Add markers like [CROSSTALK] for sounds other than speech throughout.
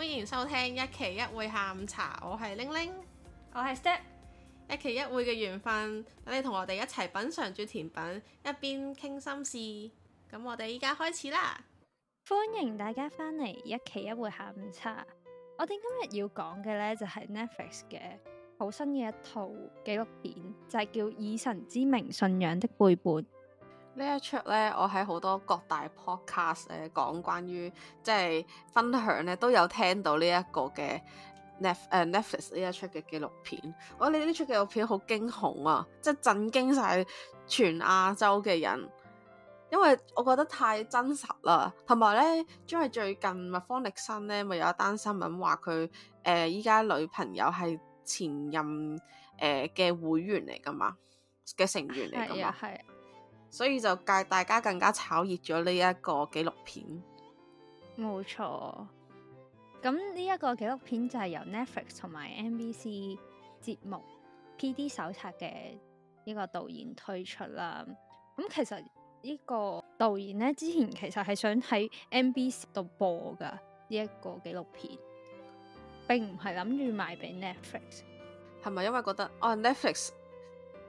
歡迎收聽一期一會下午茶，我係玲玲，我係 Step，一期一會嘅緣分，等你同我哋一齊品嚐住甜品，一邊傾心事。咁我哋依家開始啦，歡迎大家返嚟一期一會下午茶。我哋今日要講嘅呢，就係 Netflix 嘅好新嘅一套紀錄片，就係叫《以神之名信仰的背叛》。一呢一出咧，我喺好多各大 podcast 誒講關於即係分享咧，都有聽到呢、呃、一個嘅 Netflix 呢一出嘅紀錄片。我話你呢出紀錄片好驚恐啊，即係震驚晒全亞洲嘅人，因為我覺得太真實啦。同埋咧，因為最近麥方力申咧，咪有一單新聞話佢誒依家女朋友係前任誒嘅、呃、會員嚟噶嘛，嘅成員嚟噶嘛。 [LAUGHS] 啊啊啊啊所以就介大家更加炒熱咗呢一個紀錄片，冇錯。咁呢一個紀錄片就係由 Netflix 同埋 MBC 節目 PD 手冊嘅呢個導演推出啦。咁其實呢個導演咧之前其實係想喺 MBC 度播噶呢一個紀錄片，並唔係諗住賣俾 Netflix。係咪因為覺得哦 Netflix？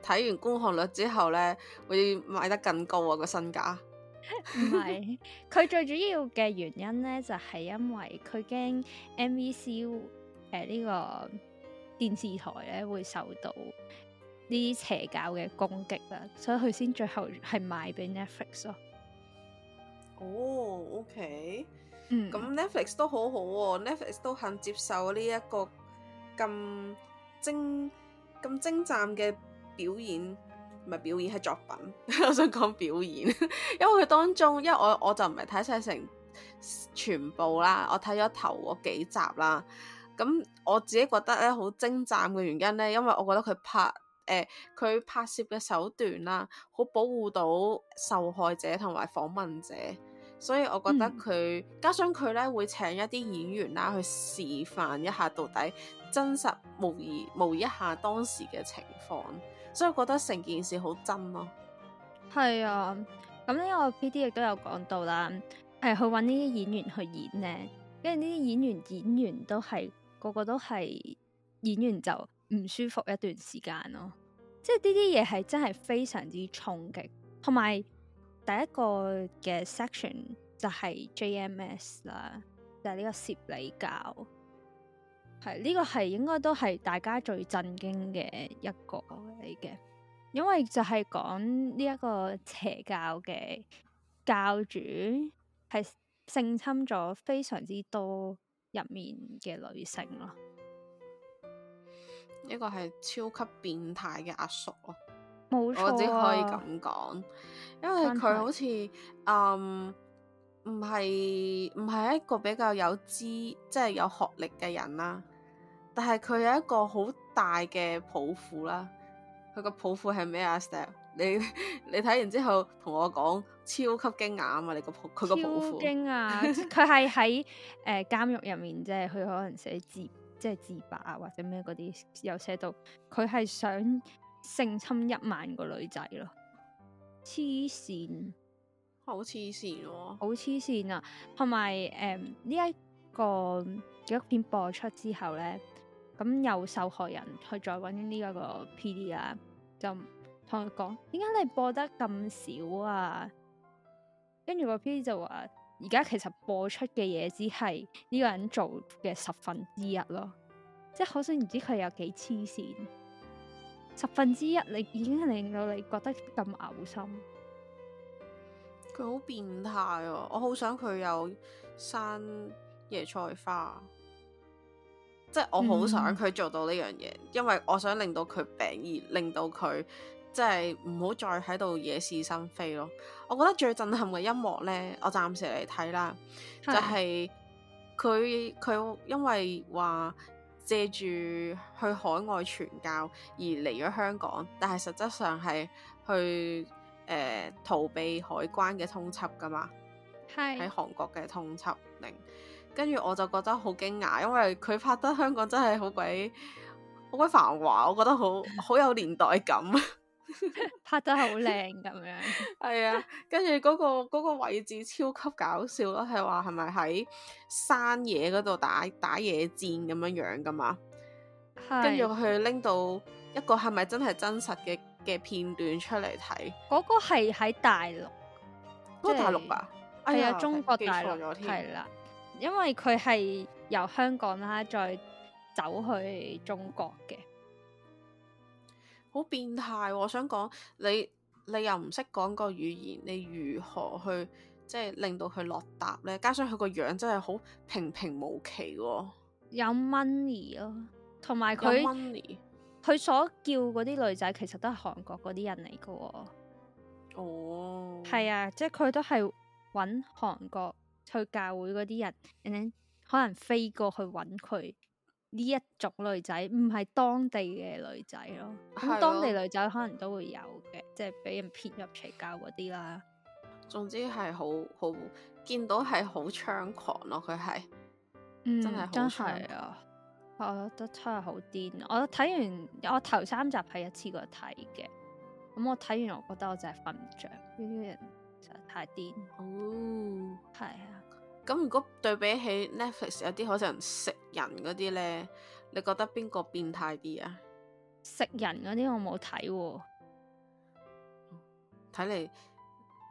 睇完觀看率之後咧，會買得更高啊，個身價唔係佢最主要嘅原因咧， [LAUGHS] 就係因為佢驚 M V C 誒、呃、呢、呢個電視台咧會受到呢啲邪教嘅攻擊啊，所以佢先最後係賣俾 Netflix 咯。哦，OK，咁 Netflix 都好好喎，Netflix 都肯接受呢一個咁精咁精湛嘅表演唔係表演，係作品。 [LAUGHS] 我想講說表演， [LAUGHS] 因為佢當中，因為我我就唔係睇晒成全部啦，我睇咗頭嗰幾集啦。咁我自己覺得咧好精湛嘅原因咧，因為我覺得佢拍誒佢、欸、拍攝嘅手段啦，好保護到受害者同埋訪問者，所以我覺得佢、嗯、加上佢咧會請一啲演員啦去示範一下到底真實模擬模擬一下當時嘅情況。所以我覺得成件事好真咯，係啊，咁呢、啊、個 P D 亦都有講到啦，係去搵呢啲演員去演呢，跟住呢啲演員演員都係個個都係演員就唔舒服一段時間咯，即係呢啲嘢係真係非常之衝擊，同埋第一個嘅 section 就係 J M S 啦，就係、是、呢個攝理教。係呢個係應該都係大家最震驚嘅一個嚟嘅，因為就係講呢一個邪教嘅教主係性侵咗非常之多入面嘅女性咯，呢個係超級變態嘅阿叔咯，冇錯啊，我只可以咁講，因為佢好似嗯唔係唔係一個比較有知即係有學歷嘅人啦。但係佢有一個好大嘅抱負啦，佢個抱負係咩啊？Step，你你睇完之後同我講，超級驚訝啊嘛！你個抱佢個抱負。驚啊！佢係喺誒監獄入面，即係佢可能寫字，即係自白啊，或者咩嗰啲，又寫到佢係想性侵一萬個女仔咯，黐綫，好黐綫喎，好黐綫啊！同埋誒呢一個紀錄片播出之後咧。咁有受害人去再揾呢一個 P D 啊，就同佢講：點解你播得咁少啊？跟住個 P D 就話：而家其實播出嘅嘢只係呢個人做嘅十分之一咯，即係可想而知佢有幾黐線。十分之一，你已經令到你覺得咁嘔心。佢好變態啊，我好想佢有生椰菜花。即係我好想佢做到呢樣嘢，嗯、因為我想令到佢病，而令到佢即係唔好再喺度惹是生非咯。我覺得最震撼嘅一幕呢，我暫時嚟睇啦，的就係佢佢因為話借住去海外傳教而嚟咗香港，但係實質上係去誒、呃、逃避海關嘅通緝㗎嘛，係喺的韓國嘅通緝。跟住我就覺得好驚訝，因為佢拍得香港真係好鬼好鬼繁華，我覺得好好有年代感， [LAUGHS] [LAUGHS] 拍得好靚咁樣。係 [LAUGHS] 啊，跟住嗰個、嗰個位置超級搞笑咯，係話係咪喺山野嗰度打打野戰咁樣樣噶嘛？跟住佢拎到一個係咪真係真實嘅嘅片段出嚟睇？嗰個係喺大陸，都係大陸啊？係啊，中國大陸係啦。因為佢係由香港啦，再走去中國嘅，好變態、哦！我想講你，你又唔識講個語言，你如何去即係令到佢落答咧？加上佢個樣真係好平平無奇、哦，有 money 咯、哦，同埋佢佢所叫嗰啲女仔其實都係韓國嗰啲人嚟㗎喎。哦，係、oh. 啊，即係佢都係揾韓國。去教會嗰啲人，可能飛過去揾佢呢一種女仔，唔係當地嘅女仔咯。咁、嗯嗯、當地女仔可能都會有嘅，即係俾人騙入邪教嗰啲啦。總之係好好見到係好猖狂咯、啊，佢係，真係好猖狂啊！我覺得真係好癲。我睇完我頭三集係一次過睇嘅，咁、嗯、我睇完我覺得我就係瞓唔着。呢啲人實在太癲。哦，係啊。咁如果對比起 Netflix 有啲好似人食人啲咧，你覺得邊個變態啲啊？食人啲我冇睇，睇嚟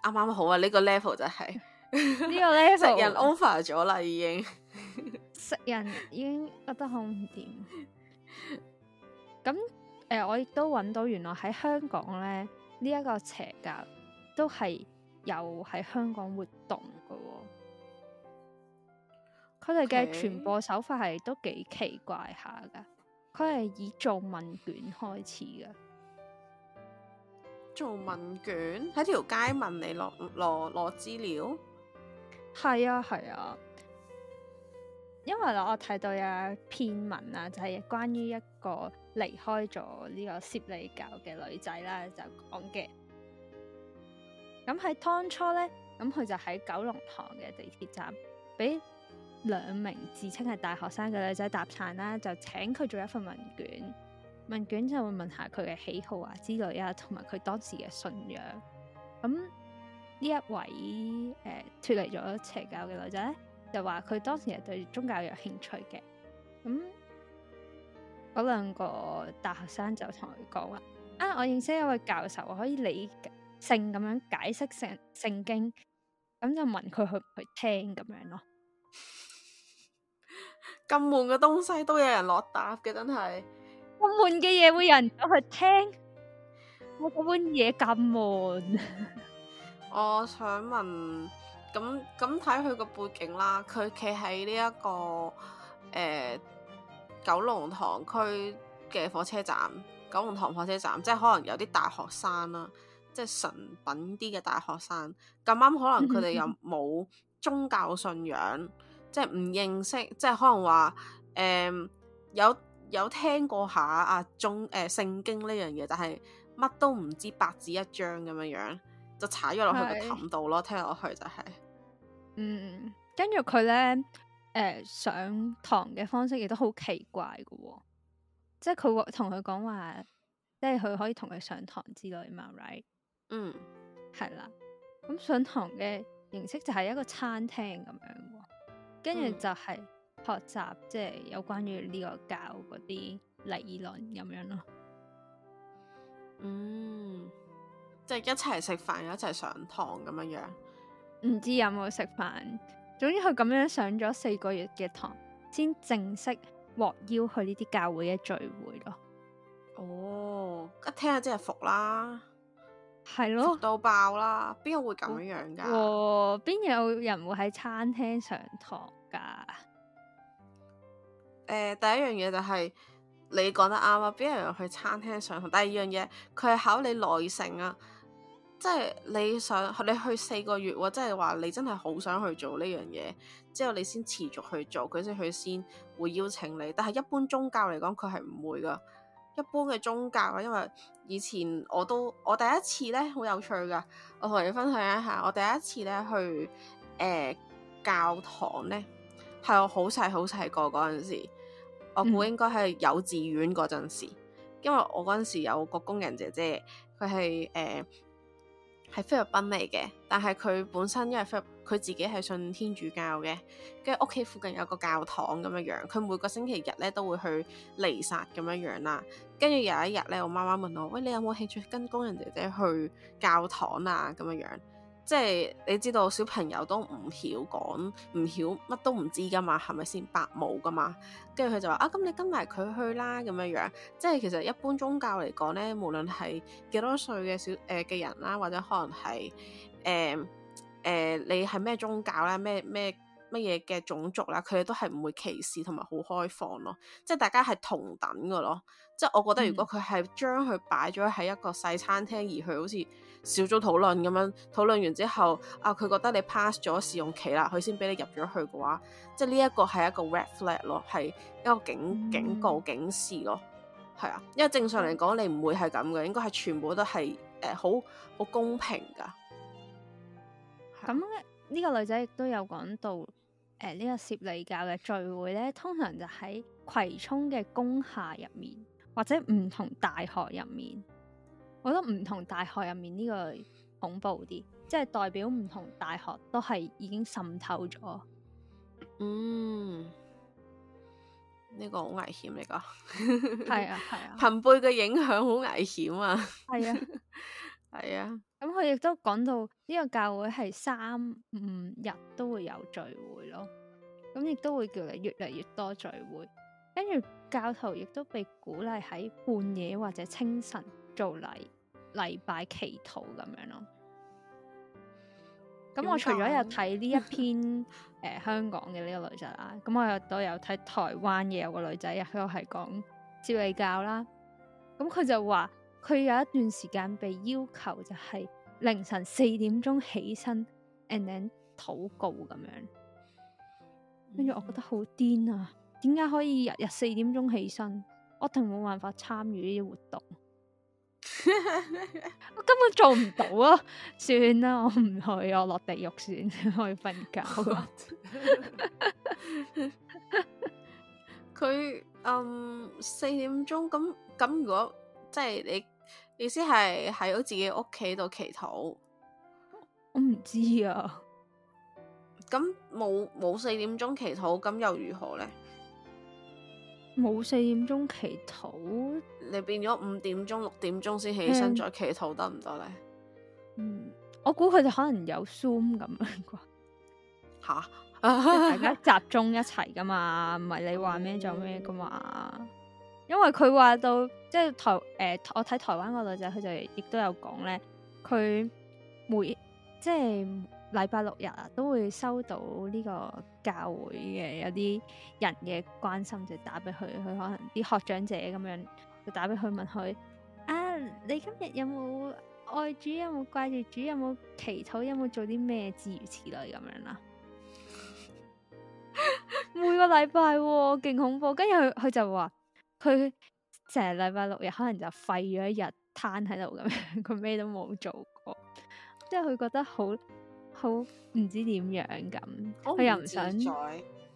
啱啱好啊！呢、這個 level 就係、是、呢 [LAUGHS] 個 level 食人 offer 咗啦，已經 [LAUGHS] 食人已經覺得好唔掂。咁誒、 [LAUGHS] 呃，我亦都揾到原來喺香港咧，呢一、這個邪教都係有喺香港活動噶、哦。佢哋嘅傳播手法係都幾奇怪下噶，佢係以做問卷開始噶，做問卷喺條街問你攞攞攞資料。係啊係啊，因為我睇到有篇文啊，就係關於一個離開咗呢個攝理教嘅女仔啦，就講嘅。咁喺當初呢，咁佢就喺九龍塘嘅地鐵站俾兩名自稱係大學生嘅女仔搭訕啦，就請佢做一份問卷，問卷就會問下佢嘅喜好啊之類啊，同埋佢當時嘅信仰。咁、嗯、呢一位誒、呃、脱離咗邪教嘅女仔咧，就話佢當時係對宗教有興趣嘅。咁嗰兩個大學生就同佢講話：啊，我認識一位教授，我可以理性咁樣解釋聖聖經，咁、嗯、就問佢去唔去聽咁樣咯。咁悶嘅東西都有人落搭嘅，真係咁悶嘅嘢會有人走去聽？我嗰本嘢咁悶。我想問，咁咁睇佢個背景啦，佢企喺呢一個誒九龍塘區嘅火車站，九龍塘火車站，即係可能有啲大學生啦，即係純品啲嘅大學生，咁啱可能佢哋又冇宗教信仰。即係唔認識，即係可能話誒、呃、有有聽過下啊，宗誒、呃、聖經呢樣嘢，但係乜都唔知，白紙一張咁樣樣就踩咗落去個氹度咯。是聽落去就係、是、嗯，跟住佢咧誒上堂嘅方式亦都好奇怪嘅、哦，即係佢同佢講話，即係佢可以同佢上堂之類嘛。Right，嗯，係啦。咁、嗯、上堂嘅形式就係一個餐廳咁樣、哦。跟住就係學習，即係有關於呢個教嗰啲理論咁樣咯。嗯，即係一齊食飯， [NOISE] 一齊上堂咁樣樣。唔知有冇食飯？總之佢咁樣上咗四個月嘅堂，先正式獲邀去呢啲教會嘅聚會咯。哦，一聽下真係服啦。係咯，到爆啦！邊個會咁樣噶？哦，邊有人會喺餐廳上堂噶？誒、呃，第一樣嘢就係你講得啱啊！邊有人去餐廳上堂？第二樣嘢，佢係考你耐性啊！即係你想你去四個月，即係話你真係好想去做呢樣嘢，之後你先持續去做，佢先佢先會邀請你。但係一般宗教嚟講，佢係唔會噶。一般嘅宗教啦，因為以前我都我第一次咧，好有趣㗎，我同你分享一下，我第一次咧去誒、呃、教堂咧，係我好細好細個嗰陣時，我估應該係幼稚園嗰陣時，嗯、因為我嗰陣時有個工人姐姐，佢係誒。呃係菲律賓嚟嘅，但係佢本身因為菲佢自己係信天主教嘅，跟住屋企附近有個教堂咁樣樣，佢每個星期日咧都會去彌撒咁樣樣啦。跟住有一日咧，我媽媽問我：喂，你有冇興趣跟工人姐姐去教堂啊？咁樣樣。即係你知道小朋友都唔曉講，唔曉乜都唔知㗎嘛，係咪先白母㗎嘛？跟住佢就話啊，咁你跟埋佢去啦咁樣樣。即係其實一般宗教嚟講咧，無論係幾多歲嘅小誒嘅人啦，或者可能係誒誒，你係咩宗教咧？咩咩？乜嘢嘅種族啦，佢哋都係唔會歧視同埋好開放咯，即係大家係同等嘅咯。即係我覺得，如果佢係將佢擺咗喺一個細餐廳而去，好似小組討論咁樣，討論完之後，啊，佢覺得你 pass 咗試用期啦，佢先俾你入咗去嘅話，即係呢一個係一個 red flag 咯，係一個警警告警示咯，係、嗯、啊，因為正常嚟講，你唔會係咁嘅，應該係全部都係誒好好公平噶。咁呢、這個女仔亦都有講到。誒，呢個攝理教嘅聚會咧，通常就喺葵涌嘅工廈入面，或者唔同大學入面。我覺得唔同大學入面呢個恐怖啲，即係代表唔同大學都係已經滲透咗。嗯，呢、呢個好危險嚟噶，係啊係啊，朋、啊、輩嘅影響好危險啊，係啊係啊。 [LAUGHS] 咁佢亦都講到呢個教會係三五日都會有聚會咯，咁、嗯、亦都會叫你越嚟越多聚會，跟住教徒亦都被鼓勵喺半夜或者清晨做禮禮拜祈禱咁樣咯。咁、嗯 [LAUGHS] 嗯、我除咗有睇呢一篇 [LAUGHS] 誒香港嘅呢個女仔啦，咁我亦都有睇台灣嘅有個女仔，佢係講攝理教啦，咁佢就話。佢有一段時間被要求就係、是、凌晨四點鐘起身，and then 禱告咁樣。跟住、嗯、我覺得好癲啊！點解可以日日四點鐘起身？我就冇辦法參與呢啲活動， [LAUGHS] 我根本做唔到啊！算啦，我唔去，我落地獄先去瞓覺。佢嗯四點鐘咁咁，如果即係你。意思係喺我自己屋企度祈禱，我唔知啊。咁冇冇四點鐘祈禱，咁又如何咧？冇四點鐘祈禱，你變咗五點鐘、六點鐘先起身再祈禱得唔得咧？嗯，我估佢哋可能有 zoom 咁樣啩。吓哈， [LAUGHS] 大家集中一齊噶嘛，唔係你話咩就咩噶嘛。因為佢話到即係台誒、呃，我睇台灣個女仔，佢就亦都有講咧。佢每即係禮拜六日啊，都會收到呢個教會嘅有啲人嘅關心就，就打俾佢。佢可能啲學長者咁樣就打俾佢問佢啊，你今日有冇愛主？有冇掛住主？有冇祈禱？有冇做啲咩？諸如此類咁樣啦。每個禮拜喎，勁恐怖。跟住佢佢就話。佢成禮拜六日可能就廢咗一日，癱喺度咁樣，佢咩都冇做過，即係佢覺得好好唔知點樣咁，佢又唔想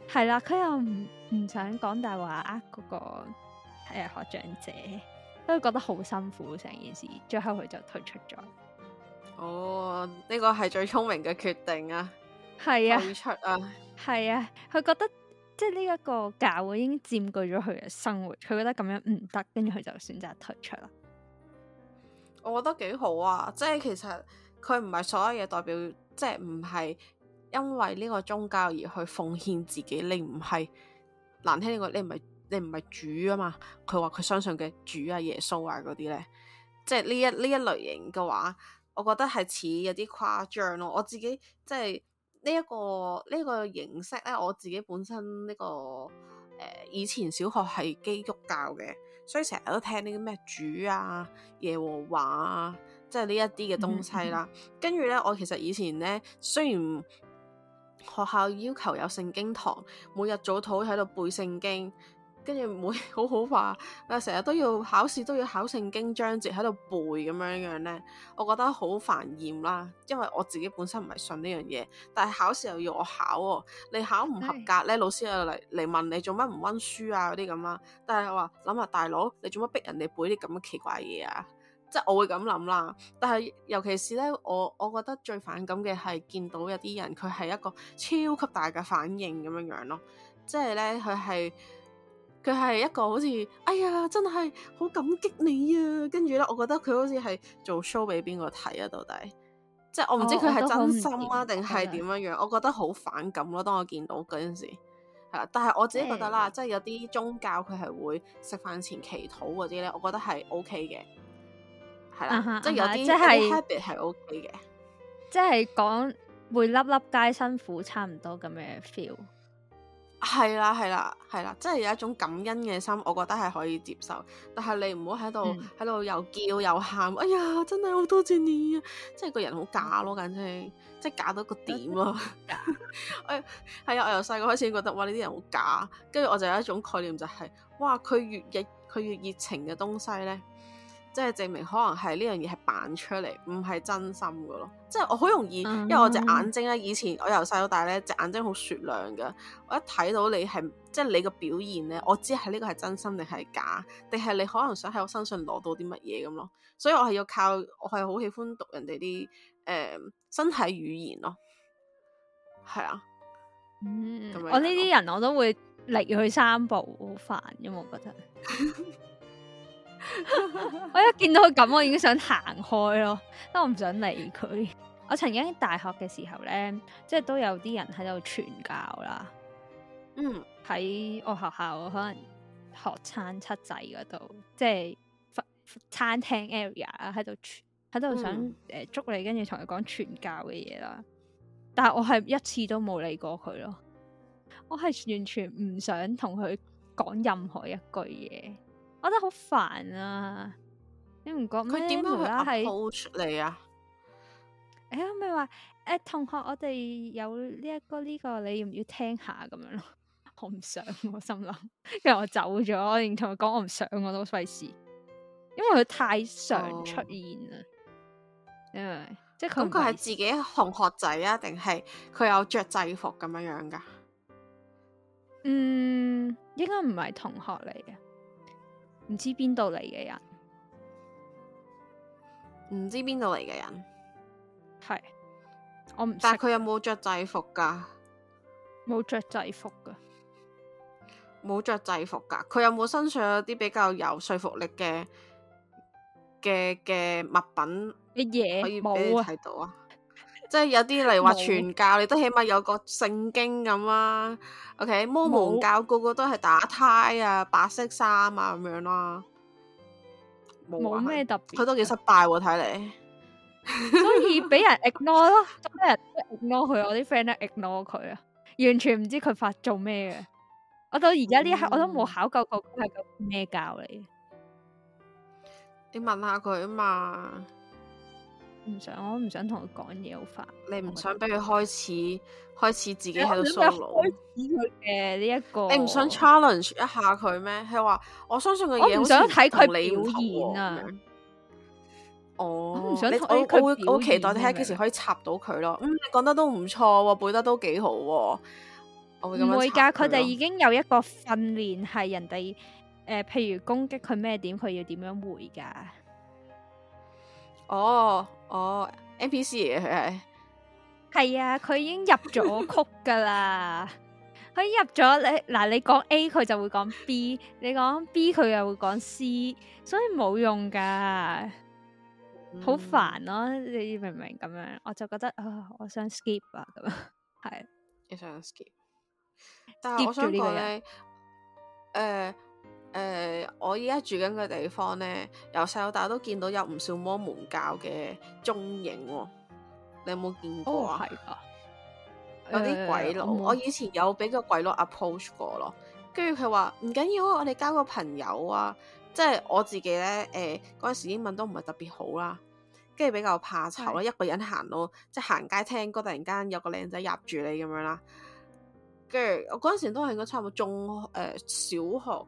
係啦，佢、 [NOISE] 啊、又唔唔想講大話呃嗰個誒學長姐，因為覺得好辛苦成件事，最後佢就退出咗。哦，呢個係最聰明嘅決定啊！係啊，退出啊，係啊，佢、啊、覺得。即係呢一個教會已經佔據咗佢嘅生活，佢覺得咁樣唔得，跟住佢就選擇退出啦。我覺得幾好啊！即係其實佢唔係所有嘢代表，即係唔係因為呢個宗教而去奉獻自己。你唔係難聽啲講，你唔係你唔係主啊嘛？佢話佢相信嘅主啊耶穌啊嗰啲咧，即係呢一呢一類型嘅話，我覺得係似有啲誇張咯啊。我自己即係。呢一、呢個呢、呢個形式咧，我自己本身呢、呢個誒、呃、以前小學係基督教嘅，所以成日都聽呢啲咩主啊、耶和華啊，即係呢一啲嘅東西啦。跟住咧，我其實以前咧，雖然學校要求有聖經堂，每日早禱喺度背聖經。跟住唔會好好怕，啊成日都要考試，都要考聖經章節喺度背咁樣樣咧，我覺得好煩厭啦。因為我自己本身唔係信呢樣嘢，但係考試又要我考喎，你考唔合格咧，老師又嚟嚟問你做乜唔溫書啊嗰啲咁啦。但係我話諗下大佬，你做乜逼人哋背啲咁嘅奇怪嘢啊？即係我會咁諗啦。但係尤其是咧，我我覺得最反感嘅係見到有啲人佢係一個超級大嘅反應咁樣樣咯，即係咧佢係。佢係一個好似，哎呀，真係好感激你啊！跟住咧，我覺得佢好似係做 show 俾邊個睇啊？到底，即係我唔知佢係、哦、真心啊，定係點樣樣、啊？我覺得好反感咯、啊。當我見到嗰陣時，係啦。但係我自己覺得啦，即係有啲宗教佢係會食飯前祈禱嗰啲咧，我覺得係 O K 嘅，係啦，uh huh, uh、huh, 即係有啲好 habit 係 O K 嘅，即係是講、OK、會粒粒皆辛苦，差唔多咁嘅 feel。係啦，係啦，係啦，即係有一種感恩嘅心，我覺得係可以接受。但係你唔好喺度，喺度又叫又喊，哎呀，真係好多謝你啊！即係個人好假咯，簡稱即係假到個點咯。誒，係啊，我由細個開始覺得哇，呢啲人好假。跟住我就有一種概念就係，哇，佢越熱，佢越熱情嘅東西咧。即係證明可能係呢樣嘢係扮出嚟，唔係真心噶咯。即係我好容易，嗯、因為我隻眼睛咧，以前我由細到大咧隻眼睛好雪亮噶。我一睇到你係，即係你個表現咧，我知係呢個係真心定係假，定係你可能想喺我身上攞到啲乜嘢咁咯。所以我係要靠，我係好喜歡讀人哋啲誒身體語言咯。係啊，嗯，樣我呢啲人我都會力去三步，好煩、嗯，因為我覺得。 [LAUGHS] [LAUGHS] 我一見到佢咁，我已經想行開咯，但我唔想理佢。我曾經大學嘅時候咧，即係都有啲人喺度傳教啦。嗯，喺我學校可能學餐七仔嗰度，即係餐廳 area 喺度喺度想誒捉，嗯呃、你，跟住同佢講傳教嘅嘢啦。但係我係一次都冇理過佢咯，我係完全唔想同佢講任何一句嘢。我得好煩啊！你唔覺佢點樣去 upload 出嚟啊？哎呀、欸，可唔可以話誒，同學，我哋有呢、這、一個呢、這個，你要唔要聽下咁樣咯？ [LAUGHS] 我唔想，我心諗，因為我走咗，然同我講我唔想，我都費事，因為佢太常出現啦。Oh. 因為即係咁，佢係自己同學仔啊，定係佢有着制服咁樣樣噶？嗯，應該唔係同學嚟嘅。唔知邊度嚟嘅人，唔知邊度嚟嘅人，係我唔知。但係佢有冇着制服噶？冇着制服噶，冇着制服噶。佢有冇身上有啲比較有說服力嘅嘅嘅物品？嘅嘢可以俾你睇到啊！即係有啲嚟話傳教，沒 你都起碼有個聖經咁啦。O K，摩門教沒 個個都係打胎啊，白色衫啊咁樣啦、啊，冇咩特別。佢都幾失敗喎、啊，睇嚟。所以俾人 ignore 咯，真 [LAUGHS] 人 ignore 佢。我啲 friend 都 ignore 佢啊，完全唔知佢發做咩嘅。我到而家呢一刻，嗯、我都冇考究過佢係個咩教嚟。你問下佢啊嘛。唔想，我唔想同佢講嘢好煩。煩你唔想俾佢開始開始自己喺度縮開始佢嘅呢一個，你唔想 challenge 一下佢咩？係話我相信佢嘢，我想睇佢表演啊。哦，唔想、啊、我我會我會期待睇幾時可以插到佢咯。嗯，你講得都唔錯喎，背得都幾好。唔會噶，佢哋已經有一個訓練係人哋誒、呃，譬如攻擊佢咩點，佢要點樣回噶。哦，哦，N P C 嚟嘅，佢係係啊，佢已經入咗曲噶啦，佢 [LAUGHS] 入咗你嗱，你講 A 佢就會講 B， [LAUGHS] 你講 B 佢又會講 C，所以冇用噶，好煩咯，你明唔明咁樣？我就覺得啊，我想 skip 啊，咁樣係，你想 skip？但係呢想咧，誒、嗯。呃誒、呃，我依家住緊嘅地方咧，由細到大都見到有唔少摩門教嘅蹤影喎、哦。你有冇見過啊？哦、啊，有啲鬼佬，呃、我以前有俾個鬼佬 approach 過咯。跟住佢話唔緊要，我哋交個朋友啊。即係我自己咧，誒嗰陣時英文都唔係特別好啦，跟住比較怕醜啦，的一個人行咯，即係行街聽歌，突然間有個靚仔入住你咁樣啦。跟住我嗰陣時都係應該差唔多中誒、呃、小學。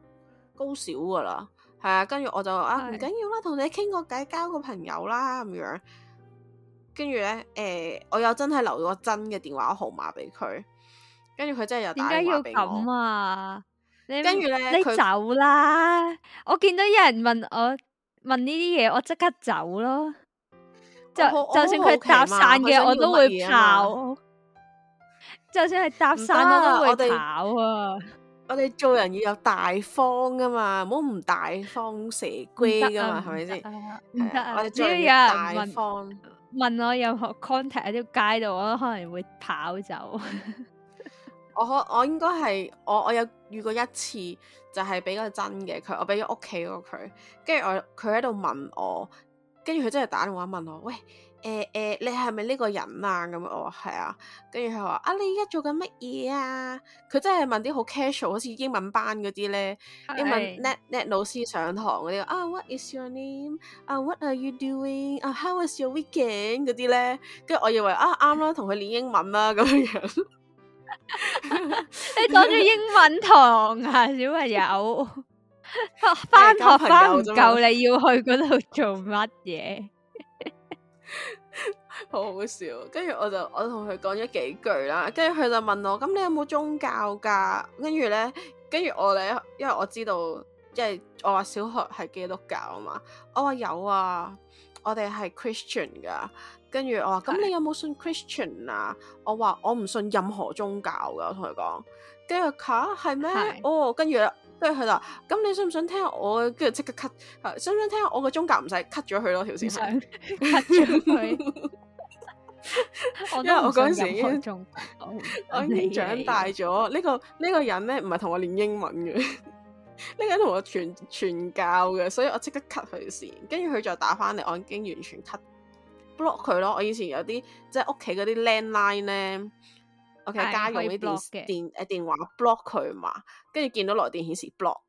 高少噶、啊、啦，係啊，跟住我就話啊，唔緊要啦，同你傾個偈，交個朋友啦咁樣。跟住咧，誒、欸，我又真係留咗真嘅電話號碼俾佢。跟住佢真係又打電話俾我。點解要咁啊？你跟住咧，你走啦！嗯、我見到有人問我問呢啲嘢，我即刻走咯。就就算佢搭訕嘅，我都會跑。就算係搭訕，我都會跑啊！ [LAUGHS] 我哋做人要有大方㗎嘛，唔好唔大方蛇龜㗎嘛，係咪先？啊，唔得，我哋做人要大方，問，問我有 contact 喺條街度，我都可能會跑走。 [LAUGHS] 我我應該係我我有遇過一次，就係俾個真嘅佢，我俾咗屋企個佢，跟住我佢喺度問我，跟住佢真係打電話問我，喂。.誒誒、欸欸，你係咪呢個人啊？咁我話係啊，跟住佢話啊，你而家做緊乜嘢啊？佢真係問啲好 casual，好似英文班嗰啲咧，英文是 net net 老師上堂嗰啲啊，What is your name？啊，What are you doing？啊，How is your weekend？嗰啲咧，跟住我以為啊，啱啦，同佢練英文啦，咁樣樣。 [LAUGHS] [LAUGHS] 你講住英文堂啊，小朋友，翻 [LAUGHS] 學翻唔夠，你要去嗰度做乜嘢？ [LAUGHS] 好好笑，跟住我就我同佢講咗幾句啦，跟住佢就問我，咁你有冇宗教噶？跟住咧，跟住我咧，因為我知道，即係我話小學係基督教啊嘛，我話有啊，我哋係 Christian 噶，跟住我話，咁你有冇信 Christian 啊？我話我唔信任何宗教噶，我同佢講，跟住吓，係咩？是哦，跟住，跟住佢話，咁你想唔想聽我？跟住即刻 cut，想唔想聽我嘅宗教唔使 cut 咗佢咯，條線 cut 咗佢。 [LAUGHS] 因為我嗰陣時，我已經長大咗、呢個，呢個呢個人咧，唔係同我練英文嘅，呢 [LAUGHS] 個人同我傳傳教嘅，所以我即刻 cut 佢線。跟住佢再打翻嚟，我已經完全 cut block 佢咯。我以前有啲即係屋企嗰啲 landline 咧，我、就、阿、是家，okay, 是家用電電誒電話 block 佢嘛，跟住見到來電顯示 block，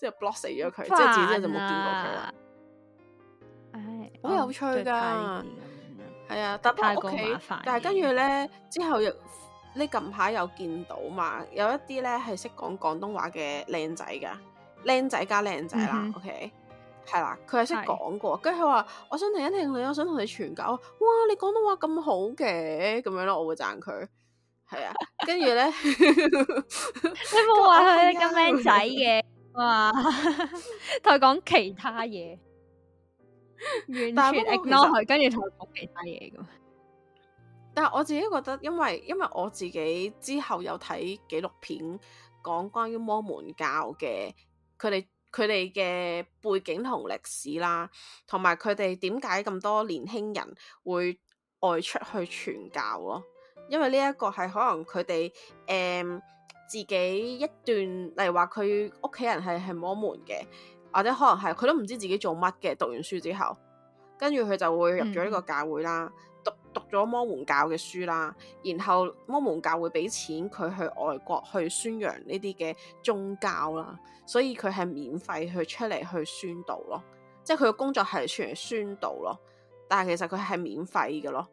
即係 block 死咗佢，即係自己就冇見過佢啦。唉，好有趣噶～係啊，得返屋企，但係跟住咧，之後又，呢近排有見到嘛，有一啲咧係識講廣東話嘅靚仔噶，靚仔加靚仔啦、嗯、哼，OK，係啦，佢係識講過，跟住佢話，我想聽一聽你我想同你傳教，哇，你廣東話咁好嘅，咁樣咯，我會贊佢，係啊，跟住咧，你冇話佢咁靚仔嘅，哇，同佢講其他嘢。 [LAUGHS] 完全 ignore 但是。跟跟但係冇諗佢，跟住同佢講其他嘢咁。但係我自己覺得，因為因為我自己之後有睇紀錄片，講關於摩門教嘅，佢哋佢哋嘅背景同歷史啦，同埋佢哋點解咁多年輕人會外出去傳教咯、啊？因為呢一個係可能佢哋誒自己一段，例如話佢屋企人係係摩門嘅。或者可能係佢都唔知自己做乜嘅，讀完書之後，跟住佢就會入咗呢個教會啦，嗯、讀讀咗魔門教嘅書啦，然後魔門教會俾錢佢去外國去宣揚呢啲嘅宗教啦，所以佢係免費去出嚟去宣道咯，即係佢嘅工作係出嚟宣道咯，但係其實佢係免費嘅咯，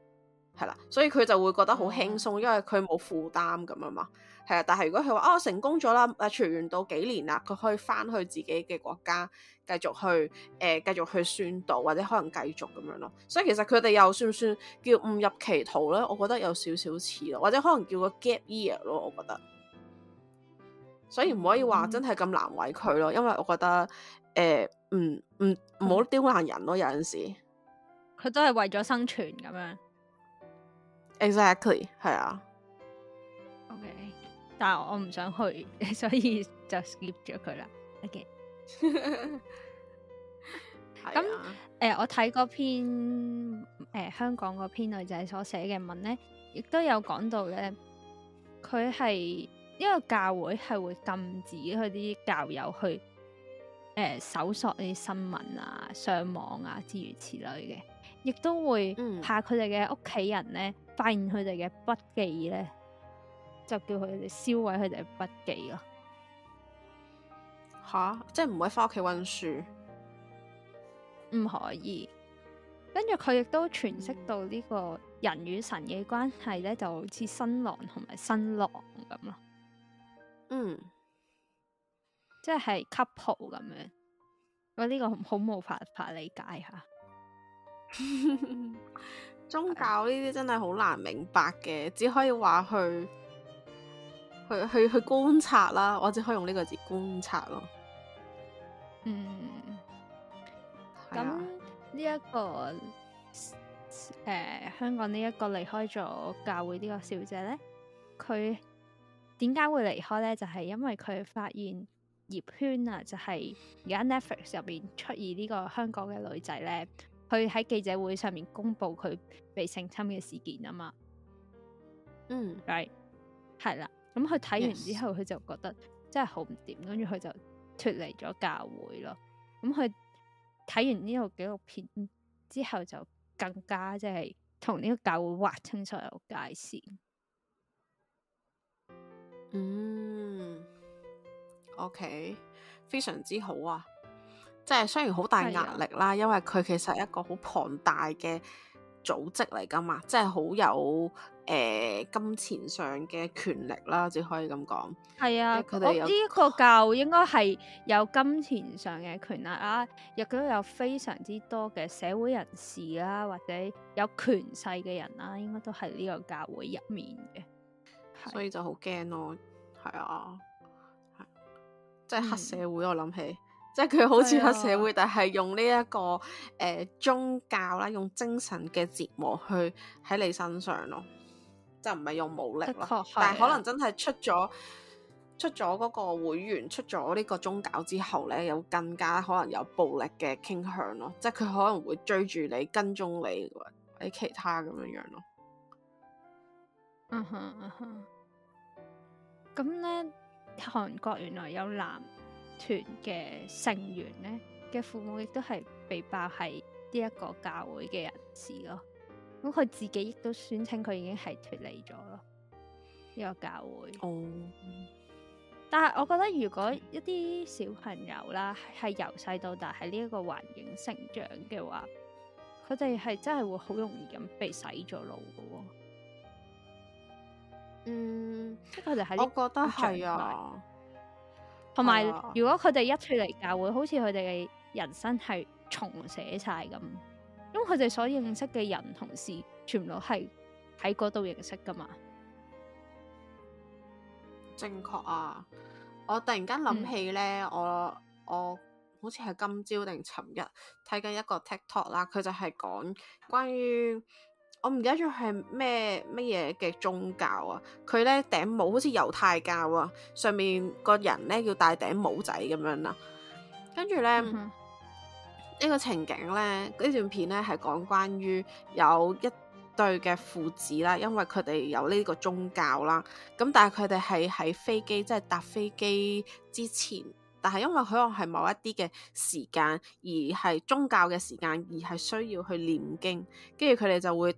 係啦，所以佢就會覺得好輕鬆，因為佢冇負擔咁啊嘛。係啊，但係如果佢話啊，我，哦、成功咗啦，誒、隨緣到幾年啦，佢可以翻去自己嘅國家，繼續去誒、繼、呃、續去宣道，或者可能繼續咁樣咯。所以其實佢哋又算唔算叫誤入歧途咧？我覺得有少少似咯，或者可能叫個 gap year 咯，我覺得。所以唔可以話真係咁難為佢咯，嗯、因為我覺得誒、嗯、呃、唔唔好丟爛人咯，嗯、有陣時佢都係為咗生存咁樣。Exactly，係啊。o、okay. k 但我唔想去，所以就 skip 咗佢啦。OK。咁誒，我睇嗰篇誒、呃、香港嗰篇女仔所寫嘅文咧，亦都有講到咧，佢係因為教會係會禁止佢啲教友去誒、呃、搜索啲新聞啊、上網啊諸如此類嘅，亦都會怕佢哋嘅屋企人咧、嗯、發現佢哋嘅筆記咧。就叫佢哋燒毀佢哋筆記咯。吓，即係唔可以翻屋企溫書。唔可以。跟住佢亦都詮釋到呢個人與神嘅關係咧，就好似新郎同埋新郎咁咯。嗯，即係吸 o u p l e 咁樣。我呢個好冇辦法理解下 [LAUGHS] [LAUGHS] 宗教呢啲真係好難明白嘅，只可以話去。去去去觀察啦，我只可以用呢個字觀察咯。嗯，咁呢一個誒、呃，香港呢一個離開咗教會呢個小姐咧，佢點解會離開咧？就係、是、因為佢發現葉圈啊，就係、是、而家 Netflix 入邊出現呢個香港嘅女仔咧，佢喺記者會上面公布佢被性侵嘅事件啊嘛。嗯，係。Right? 咁佢睇完之後，佢就覺得真係好唔掂，跟住佢就脫離咗教會咯。咁佢睇完呢個紀錄片之後，就更加即係同呢個教會劃清楚有界線。嗯，OK，非常之好啊！即係雖然好大壓力啦，因為佢其實係一個好龐大嘅。組織嚟噶嘛，即係好有誒、呃、金錢上嘅權力啦，只可以咁講。係啊，佢哋呢個教應該係有金錢上嘅權力啦、啊，亦都有非常之多嘅社會人士啦、啊，或者有權勢嘅人啦、啊，應該都喺呢個教會入面嘅。所以就好驚咯，係啊，係，即係黑社會，嗯、我諗起。即係佢好似黑社會，哦、但係用呢、這、一個誒、呃、宗教啦，用精神嘅折磨去喺你身上咯，即係唔係用武力咯，但係可能真係出咗出咗嗰個會員出咗呢個宗教之後咧，有更加可能有暴力嘅傾向咯，即係佢可能會追住你跟蹤你或者其他咁樣樣咯、嗯。嗯哼嗯哼，咁咧韓國原來有男團嘅成員咧嘅父母亦都係被爆係呢一個教會嘅人士咯，咁佢自己亦都宣稱佢已經係脫離咗咯呢個教會。哦，嗯，但係我覺得如果一啲小朋友啦係由細到大喺呢一個環境成長嘅話，佢哋係真係會好容易咁被洗咗腦㗎喎。嗯，即係佢哋喺，我覺得係啊。同埋，oh. 如果佢哋一出嚟教會，好似佢哋嘅人生係重寫晒咁，因為佢哋所認識嘅人同事，全部係喺嗰度認識㗎嘛。正確啊！我突然間諗起咧、嗯，我我好似係今朝定尋日睇緊一個 TikTok 啦，佢就係講關於。我唔記得咗係咩乜嘢嘅宗教啊？佢咧頂帽好似猶太教啊，上面個人咧要戴頂帽仔咁樣啦、啊。跟住咧，呢、嗯、哼個情景咧，呢段片咧係講關於有一對嘅父子啦，因為佢哋有呢個宗教啦。咁但係佢哋係喺飛機，即係搭飛機之前，但係因為佢可能係某一啲嘅時間，而係宗教嘅時間，而係需要去念經，跟住佢哋就會。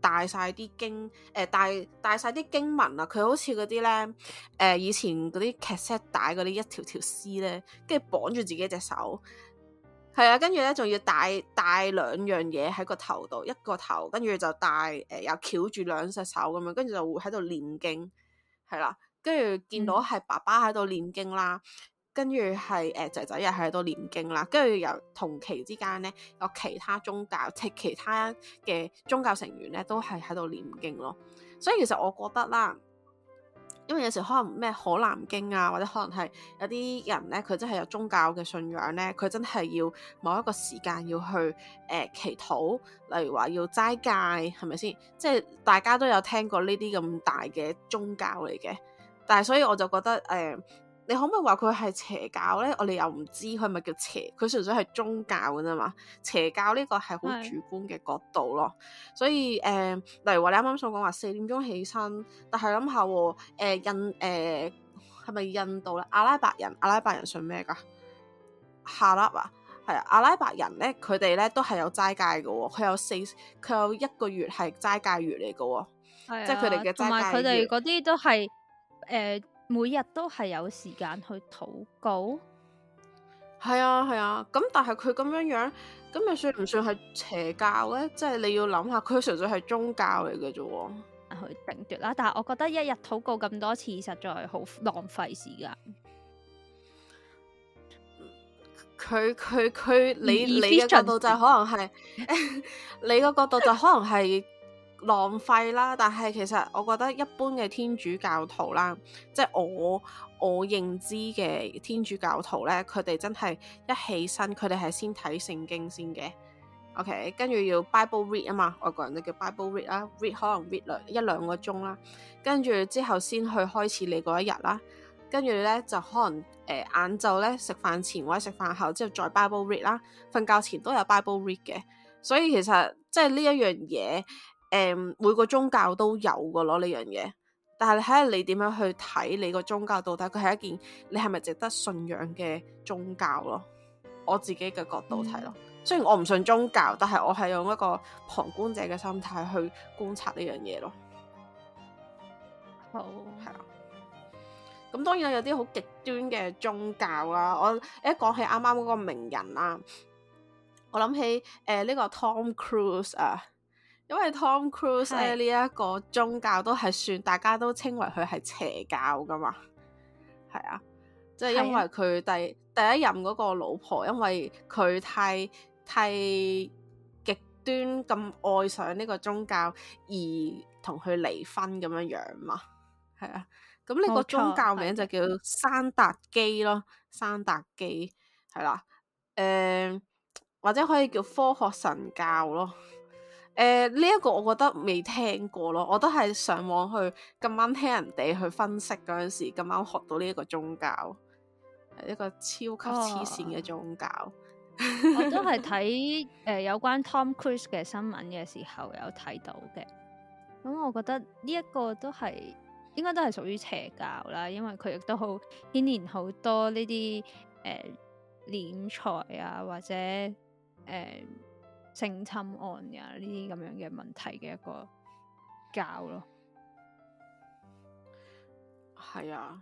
帶晒啲經誒，帶帶晒啲經文啊！佢好似嗰啲咧，誒、呃、以前嗰啲 cassette 帶嗰啲一條條絲咧，跟住綁住自己隻手，係啊，跟住咧仲要帶帶兩樣嘢喺個頭度，一個頭跟住就帶誒、呃、又翹住兩隻手咁樣，跟住就會喺度念經，係啦，跟住見到係爸爸喺度念經啦。嗯嗯跟住係誒仔仔又喺度念經啦，跟住又同期之間咧，有其他宗教，即其他嘅宗教成員咧，都係喺度念經咯。所以其實我覺得啦，因為有時可能咩好南經啊，或者可能係有啲人咧，佢真係有宗教嘅信仰咧，佢真係要某一個時間要去誒、呃、祈禱，例如話要齋戒，係咪先？即、就、係、是、大家都有聽過呢啲咁大嘅宗教嚟嘅，但係所以我就覺得誒。呃你可唔可以話佢係邪教咧？我哋又唔知佢係咪叫邪，佢純粹係宗教啫嘛。邪教呢個係好主觀嘅角度咯。係嘅。所以誒，例、呃、如話你啱啱所講話四點鐘起身，但係諗下誒印誒係咪印度咧？阿拉伯人阿拉伯人信咩噶？夏拉啊，係啊！阿拉伯人咧，佢哋咧都係有齋戒嘅，佢有四佢有一個月係齋戒月嚟嘅，即係佢哋嘅齋戒月同埋佢哋啲都係誒。呃每日都係有時間去禱告，係啊係啊，咁但係佢咁樣樣，咁又算唔算係邪教咧？即係你要諗下，佢純粹係宗教嚟嘅啫。去定奪啦，但係我覺得一日禱告咁多次，實在好浪費時間。佢佢佢，你你嘅角度就可能係， [LAUGHS] [LAUGHS] 你嘅角度就可能係。 [LAUGHS] 浪費啦，但係其實我覺得一般嘅天主教徒啦，即係我我認知嘅天主教徒咧，佢哋真係一起身，佢哋係先睇聖經先嘅。OK，跟住要 Bible read 啊嘛，外國人都叫 Bible read 啦，read 可能 read 兩一兩個鐘啦，跟住之後先去開始你嗰一日啦。跟住咧就可能誒晏晝咧食飯前或者食飯後之後再 Bible read 啦，瞓覺前都有 Bible read 嘅。所以其實即係呢一樣嘢。誒，um, 每個宗教都有個咯呢樣嘢，但係你睇下你點樣去睇你個宗教到底佢係一件你係咪值得信仰嘅宗教咯？我自己嘅角度睇咯，嗯、雖然我唔信宗教，但係我係用一個旁觀者嘅心態去觀察呢樣嘢咯。好係啦，咁、啊、當然有啲好極端嘅宗教啦、啊。我一講起啱啱嗰個名人啦、啊，我諗起誒呢、呃這個 Tom Cruise 啊。因為 Tom Cruise 嘅呢一個宗教都係算是大家都稱為佢係邪教噶嘛，係啊，即、就、係、是、因為佢第、啊、第一任嗰個老婆，因為佢太太極端咁愛上呢個宗教而同佢離婚咁樣樣嘛，係啊，咁呢個宗教名就叫山達基咯，山達基係啦，誒、啊呃、或者可以叫科學神教咯。誒，呢一、uh, 個我覺得未聽過咯，我都係上網去咁啱聽人哋去分析嗰陣時，咁啱學到呢一個宗教，係一個超級黐線嘅宗教。Oh. [LAUGHS] 我都係睇誒有關 Tom Cruise 嘅新聞嘅時候有睇到嘅，咁我覺得呢一個都係應該都係屬於邪教啦，因為佢亦都好牽連好多呢啲誒斂財啊或者誒。呃性侵案呀，呢啲咁樣嘅問題嘅一個教咯，係啊，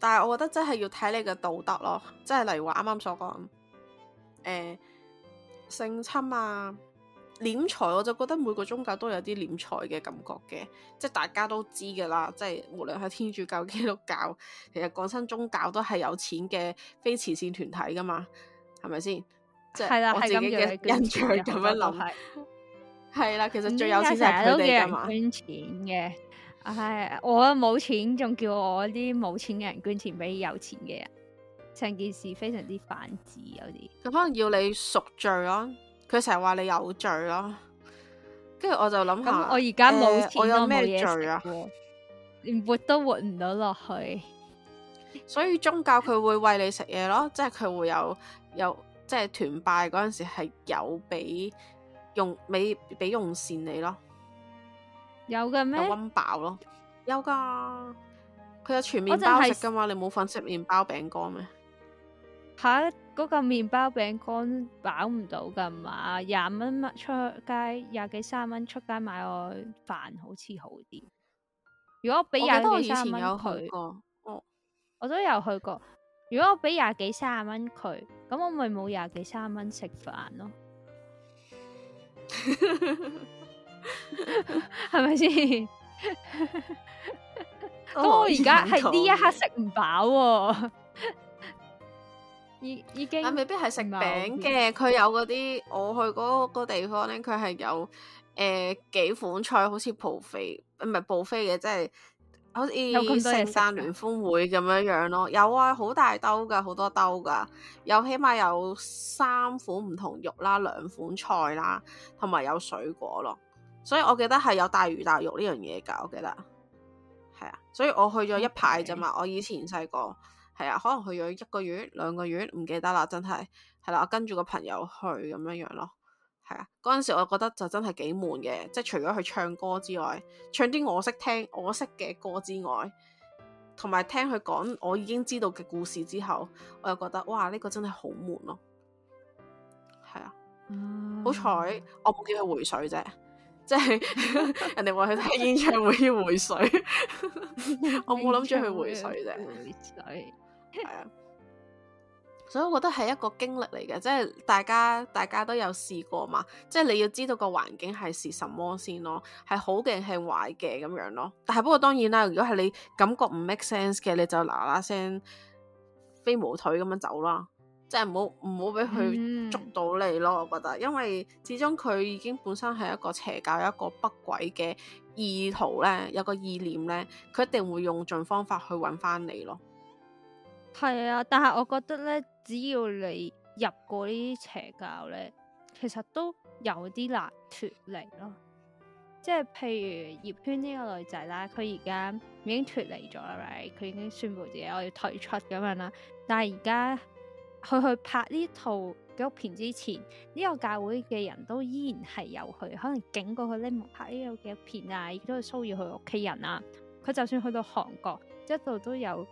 但係我覺得真係要睇你嘅道德咯，即係例如話啱啱所講、欸，性侵啊、斂財，我就覺得每個宗教都有啲斂財嘅感覺嘅，即係大家都知㗎啦，即係無論係天主教、基督教，其實講真宗教都係有錢嘅非慈善團體噶嘛，係咪先？係啦，我自己咁嘅印象咁樣諗，係啦。其實最有錢就係人捐錢嘅。唉，我冇錢，仲叫我啲冇錢嘅人捐錢俾有錢嘅人，成件事非常之反智有啲。佢可能要你贖罪咯，佢成日話你有罪咯。跟住我就諗下，我而家冇錢都冇嘢食啊，活都活唔到落去。所以宗教佢會喂你食嘢咯，即係佢會有有。即係團拜嗰陣時，係有俾用未俾用膳你咯，有嘅咩有溫飽咯，有噶，佢有全麵包食噶嘛？你冇份食麵包餅乾咩？吓，嗰、嗰個麵包餅乾飽唔到噶嘛？廿蚊出街，廿幾三蚊出街買我飯好似好啲。如果俾廿多幾三蚊，佢，哦，我都有去過。如果我俾廿幾三十蚊佢，咁我咪冇廿幾三十蚊食飯咯，係咪先？咁我而家係呢一刻食唔飽，啊，已 [LAUGHS] 已經未必係食餅嘅。佢有嗰啲，我去嗰個地方咧，佢係有誒、呃、幾款菜，好似 buffet 唔係 buffet 嘅，即係。好似食？山聯歡會咁樣樣咯，有啊，好大兜噶，好多兜噶，有起碼有三款唔同肉啦，兩款菜啦，同埋有水果咯，所以我記得係有大魚大肉呢樣嘢噶，我記得係啊，所以我去咗一排咋嘛。的我以前細個係啊，可能去咗一個月、兩個月，唔記得啦，真係係啦。我跟住個朋友去咁樣樣咯。係啊，嗰陣時我覺得就真係幾悶嘅，即係除咗去唱歌之外，唱啲我識聽、我識嘅歌之外，同埋聽佢講我已經知道嘅故事之後，我又覺得哇，呢、這個真係好悶咯。係啊，嗯、好彩我冇叫佢回水啫，即係 [LAUGHS] 人哋話佢聽演唱會要回水， [LAUGHS] [LAUGHS] [LAUGHS] 我冇諗住佢回水啫，回水係啊。所以我覺得係一個經歷嚟嘅，即係大家大家都有試過嘛，即係你要知道個環境係是什麼先咯，係好嘅係壞嘅咁樣咯。但係不過當然啦，如果係你感覺唔 make sense 嘅，你就嗱嗱聲飛毛腿咁樣走啦，即係唔好唔好俾佢捉到你咯。我覺得，因為始終佢已經本身係一個邪教、一個不軌嘅意圖咧，有個意念咧，佢一定會用盡方法去搵返你咯。係啊，但係我覺得咧，只要你入過呢啲邪教咧，其實都有啲難脫離咯。即係譬如葉軒呢個女仔啦，佢而家已經脫離咗啦，佢、right? 已經宣布自己我要退出咁樣啦。但係而家佢去拍呢套紀錄片之前，呢、這個教會嘅人都依然係有去，可能警告佢咧，唔拍呢套紀錄片啊，亦都係騷擾佢屋企人啊。佢就算去到韓國，一度都有。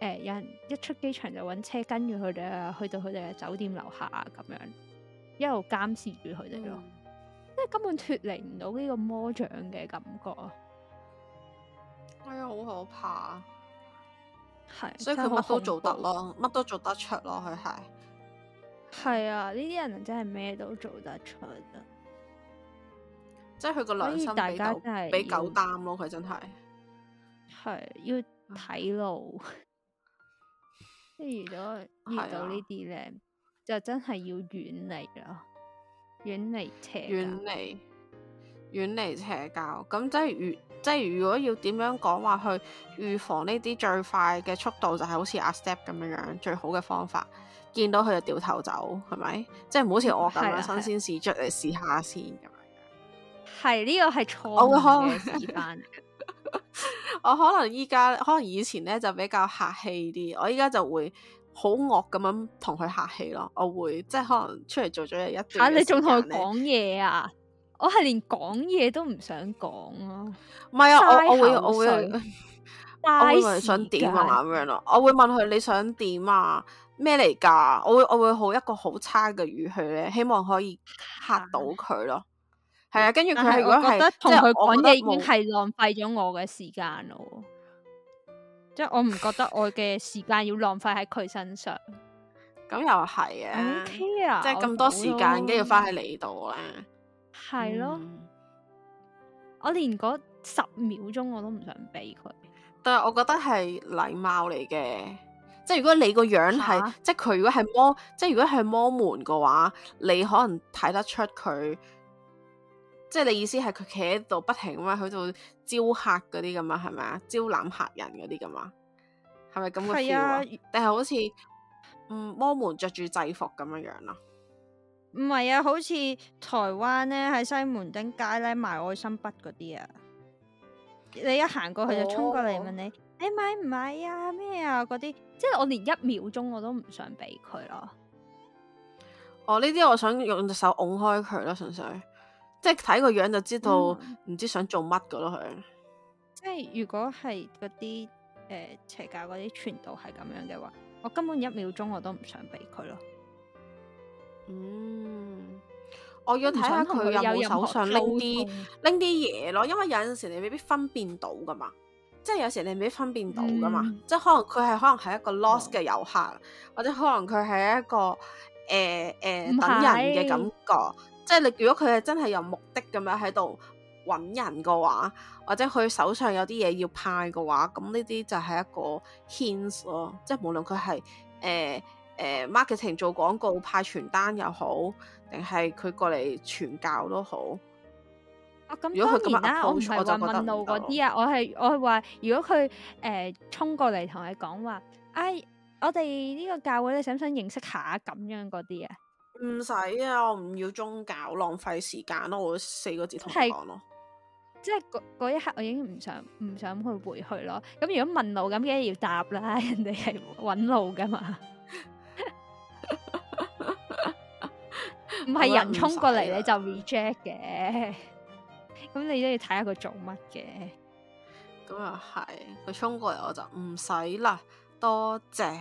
誒、欸，有人一出機場就搵車跟住佢哋去到佢哋嘅酒店樓下咁樣，一路監視住佢哋咯。嗯、即係根本脫離唔到呢個魔掌嘅感覺啊！哎呀，好可怕啊！係是，所以佢乜都做得咯，乜都做得出咯。佢係係啊，呢啲人真係咩都做得出啊！即係佢個良心大家，俾狗擔咯。佢真係係要睇路。 [LAUGHS] 即係如果遇到呢啲咧，就真係要遠離咯，遠離邪，遠離遠離邪教。咁即係如即係如果要點樣講話去預防呢啲最快嘅速度，就係好似阿 Step 咁樣樣最好嘅方法。見到佢就掉頭走，係咪？即係唔好似我咁樣新鮮事出嚟試下先。係呢個係錯，嘅會可能時間。 [LAUGHS] 我可能依家，可能以前咧就比較客氣啲，我依家就會好惡咁樣同佢客氣咯。我會即係可能出嚟做咗嘢一段時間，啊你仲同佢講嘢啊？我係連講嘢都唔想講咯、啊。唔係 [LAUGHS] 啊，我我會我會，我會， [LAUGHS] 我會想點啊咁樣咯、啊。我會問佢，你想點啊？咩嚟噶？我會我會好一個好差嘅語氣咧，希望可以嚇到佢咯。啊係啊，跟住佢如果覺得同佢講嘢已經係浪費咗我嘅時間咯，即係 [LAUGHS] 我唔覺得我嘅時間要浪費喺佢身上。咁 [LAUGHS] 又係啊，OK 啊，即係咁多時間，梗要花喺你度咧。係、 [LAUGHS] 嗯、咯，我連嗰十秒鐘我都唔想俾佢。但係我覺得係禮貌嚟嘅，即係如果你個樣係，即係佢如果係魔，即係如果係魔門嘅話，你可能睇得出佢。即係你意思係佢企喺度不停咁樣，喺度招客嗰啲噶嘛，係咪啊？招攬客人嗰啲噶嘛，係咪咁個 feel 啊？定係好似嗯，摩門着住制服咁樣樣咯。唔係啊，好似台灣咧喺西門町街咧賣愛心筆嗰啲啊，你一行過去就衝過嚟問你，你、哦欸、買唔買啊？咩啊？嗰啲即係我連一秒鐘我都唔想俾佢咯。哦，呢啲我想用隻手拱開佢咯，純粹。即係睇個樣就知道唔、嗯、知道想做乜噶咯，佢。即係如果係嗰啲誒邪教嗰啲傳道係咁樣嘅話，我根本一秒鐘我都唔想俾佢咯。嗯，我要睇下佢有冇手上拎啲拎啲嘢咯，因為有陣時你未必分辨到噶嘛。即係有時你未必分辨到噶嘛。嗯、即係可能佢係可能係一個 lost 嘅遊客，嗯、或者可能佢係一個誒誒、呃呃、等人嘅感覺是。即係你，如果佢係真係有目的咁樣喺度揾人嘅話，或者佢手上有啲嘢要派嘅話，咁呢啲就係一個 hints 咯。即係無論佢係誒誒 marketing 做廣告派傳單又好，定係佢過嚟傳教都好。啊，咁、啊、如果佢問，啊，就問啊，我唔係話問路嗰啲啊，我係我係話，如果佢誒、呃、衝過嚟同你講話，唉、哎，我哋呢個教會你想唔想認識下咁樣嗰啲啊？唔使啊！我唔要宗教，浪費時間咯。我會四個字同你講咯，即係嗰一刻，我已經唔想唔想去回去咯。咁如果問路咁，梗係要答啦，人哋係搵路噶嘛。唔係人衝過嚟你就 reject 嘅，咁你都要睇下佢做乜嘅。咁又係，佢衝過嚟我就唔使啦，多謝。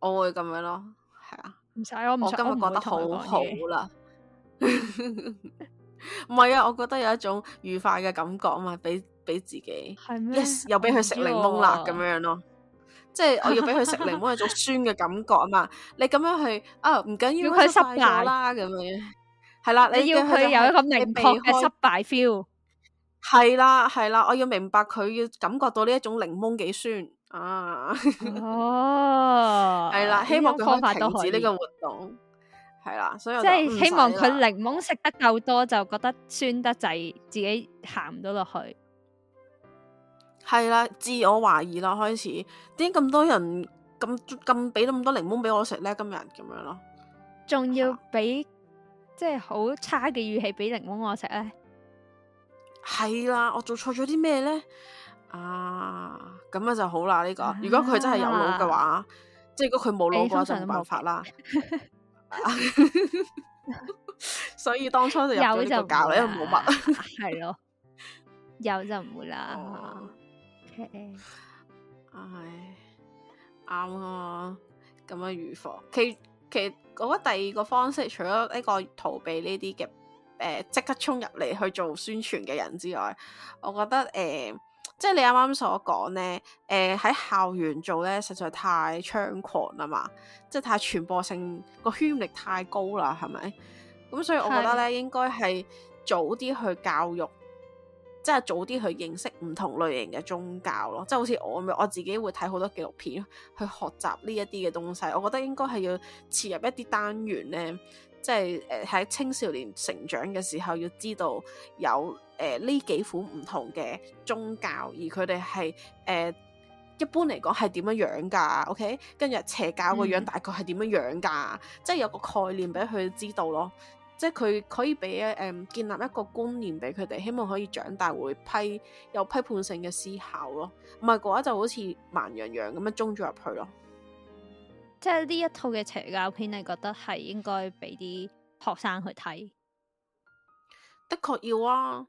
我會咁樣咯，係啊。唔使，我，我今日覺得好好啦。唔 [LAUGHS] 係啊，我覺得有一種愉快嘅感覺啊嘛，俾俾自己嗎 y Yes , e 又俾佢食檸檬啦咁樣樣咯。即、就、係、是、我要俾佢食檸檬， [LAUGHS] 一種酸嘅感覺啊嘛。你咁樣去啊，唔緊要緊，佢失敗啦咁樣。係啦，啊、你要佢有一個明確嘅失敗 feel。係啦，係啦，我要明白佢要感覺到呢一種檸檬幾酸。啊！ [LAUGHS] 哦，係啦，希望佢可以停止呢個活動，係啦，所以即係希望佢檸檬食得夠多，就覺得酸得滯，自己行唔到落去。係啦，自我懷疑啦，開始點解咁多人咁咁俾咁多檸檬俾我食咧？今日咁樣咯，仲要俾、啊、即係好差嘅語氣俾檸檬我食咧？係啦，我做錯咗啲咩咧？啊，咁樣就好啦呢、這個。啊、如果佢真係有腦嘅話，啊、即係如果佢冇腦嘅話、欸、就冇辦法啦。 [LAUGHS] [LAUGHS] 所以當初就入咗呢個派咯，因為冇乜，啊。係 [LAUGHS] 咯，有就唔會啦。誒，啱啊，咁 Okay.、啊、樣預防。其其，我覺得第二個方式，除咗呢個逃避呢啲嘅誒，即、呃、刻衝入嚟去做宣傳嘅人之外，我覺得誒。呃即係你啱啱所講呢，誒、呃、喺校園做呢，實在太猖狂啦嘛，即係太傳播性個圈力太高啦，係咪？咁、嗯、所以我覺得呢，是應該係早啲去教育，即係早啲去認識唔同類型嘅宗教咯，即係好似我咁，我自己會睇好多紀錄片去學習呢一啲嘅東西。我覺得應該係要切入一啲單元呢，即係誒喺青少年成長嘅時候要知道有。誒，呢幾款唔同嘅宗教，而佢哋係誒，一般嚟講係點樣樣噶？OK，跟住邪教個樣大概係點樣樣噶？即係有個概念俾佢知道咯，即係佢可以俾誒建立一個觀念俾佢哋，希望可以長大會批有批判性嘅思考咯。唔係嘅話就好似盲樣樣咁樣中咗入去咯。即係呢一套嘅邪教片，你覺得係應該俾啲學生去睇？的確要啊。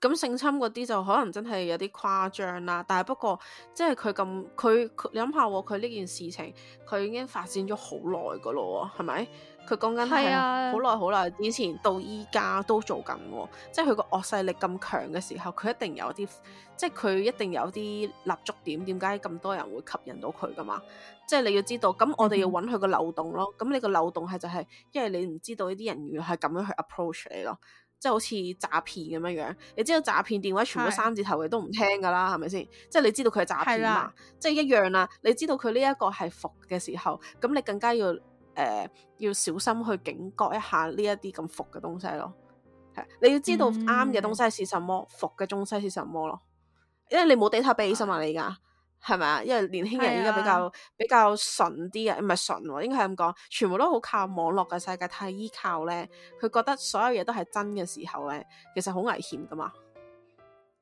咁性侵嗰啲就可能真係有啲誇張啦，但係不過即係佢咁，佢佢你諗下喎，佢呢件事情佢已經發展咗好耐噶咯，係咪？佢講緊係好耐好耐以前到依家都做緊喎，即係佢個惡勢力咁強嘅時候，佢一定有啲，即係佢一定有啲立足點，點解咁多人會吸引到佢噶嘛？即係你要知道，咁我哋要揾佢個漏洞咯。咁、嗯、你個漏洞係就係、是，因為你唔知道呢啲人原來係咁樣去 approach 你咯。即係好似詐騙咁樣樣，你知道詐騙電話全部三字頭嘅都唔聽噶啦，係咪先？即係你知道佢係詐騙嘛？的即係一樣啦。你知道佢呢一個係伏嘅時候，咁你更加要誒、呃、要小心去警覺一下呢一啲咁伏嘅東西咯。係，你要知道啱嘅東西係什麼，嗯、伏嘅東西係什麼咯。因為你冇地頭俾心啊，的你而家。係咪啊？因為年輕人依家比較、啊、比較純啲啊，唔係純，應該係咁講，全部都好靠網絡嘅世界太依靠咧，佢覺得所有嘢都係真嘅時候咧，其實好危險㗎嘛。